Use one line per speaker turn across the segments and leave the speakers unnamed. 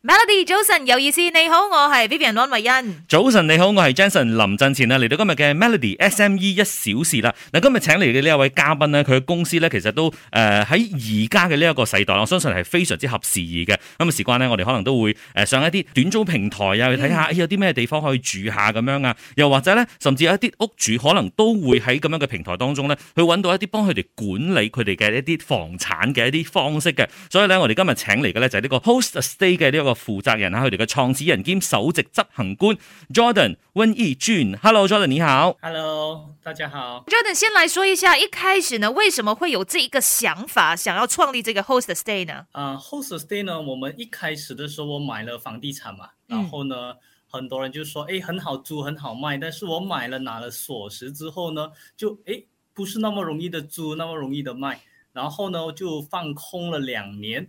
Melody 早晨有意思，你好，我係 Vivian 安慧欣。
早晨你好，我係 Jason 林振前啊！嚟到今日嘅 Melody S M E 一小時啦。嗱，今日請嚟嘅呢一位嘉賓咧，佢嘅公司咧，其實都誒喺而家嘅呢一個世代，我相信係非常之合時宜嘅。咁啊，時關咧，我哋可能都會誒上一啲短租平台啊，去睇下有啲咩地方可以住一下咁樣啊，又或者咧，甚至有一啲屋主可能都會喺咁樣嘅平台當中咧，去揾到一啲幫佢哋管理佢哋嘅一啲房產嘅一啲方式嘅。所以咧，我哋今日請嚟嘅咧就係呢個 Host a Stay 嘅呢一個，個負責人啊，佢哋嘅創始人兼首席執行官 Jordan 溫義俊，Hello Jordan，你好
，Hello，大家好。
Jordan 先來說一下，一開始呢，為什麼會有這一個想法，想要創立這個 Host Stay 呢？啊、
uh,，Host Stay 呢，我們一開始的時候我買了房地產嘛，然後呢，嗯、很多人就說誒、欸，很好租，很好賣，但是我買了拿了鎖匙之後呢，就誒、欸，不是那麼容易的租，那麼容易的賣，然後呢，就放空了兩年。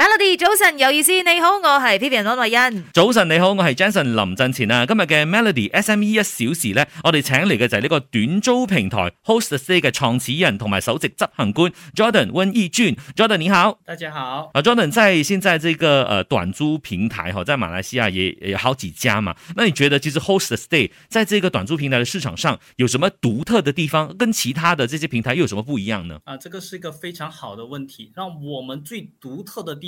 Melody，早晨有意思，你好，我係 Peter 安諾恩。
早晨你好，我係 Jason 林振前啊。今日嘅 Melody SME 一小時呢，我哋請嚟嘅就係呢個短租平台 HostStay 嘅創始人同埋首席執行官 Jordan 溫義俊。Jordan 你好，大家好。啊、uh，Jordan 在現在、這個誒、呃、短租平台哈，在馬來西亞也，也有好幾家嘛。那你覺得其實 HostStay 在這個短租平台的市場上有什麼獨特的地方，跟其他的這些平台又有什麼不一樣呢？
啊，這個是一個非常好的問題。讓我們最獨特的地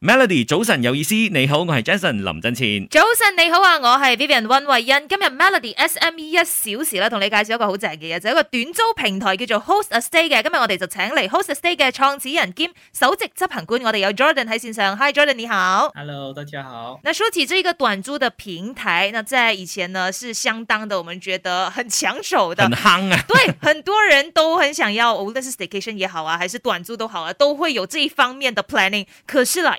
Melody，早晨有意思，你好，我係 Jason 林振千。
早晨你好啊，我係 Vivian 溫慧欣。今日 Melody S M E 一小時啦，同你介紹一個好正嘅嘢，就係一個短租平台叫做 Host a Stay 嘅。今日我哋就請嚟 Host a Stay 嘅創始人兼首席執行官，我哋有 Jordan 喺線上。Hi Jordan，你好。
Hello，大家好。那
說起這個短租嘅平台，那在以前呢，是相當的，我們覺得很搶手的，很
夯啊。 對，
很多人都很想要，無論是 station 也好啊，還是短租都好啊，都會有這一方面的 planning。可是啦。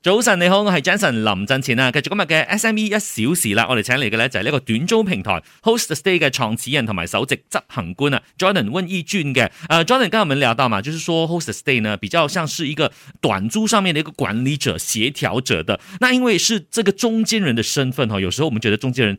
早晨你好，我是 Jason 林振前啊，繼續今日嘅 SME 一小時啦。我哋請嚟嘅咧就係、是、呢個短租平台 Host Stay 嘅創始人同埋首席執行官啊，Jordan 溫義俊嘅。啊、uh，Jordan 剛剛我們聊到嘛，就是說 Host Stay 呢比較像是一個短租上面嘅一個管理者協調者的，那因為是這個中間人的身份，有時候我們覺得中間人。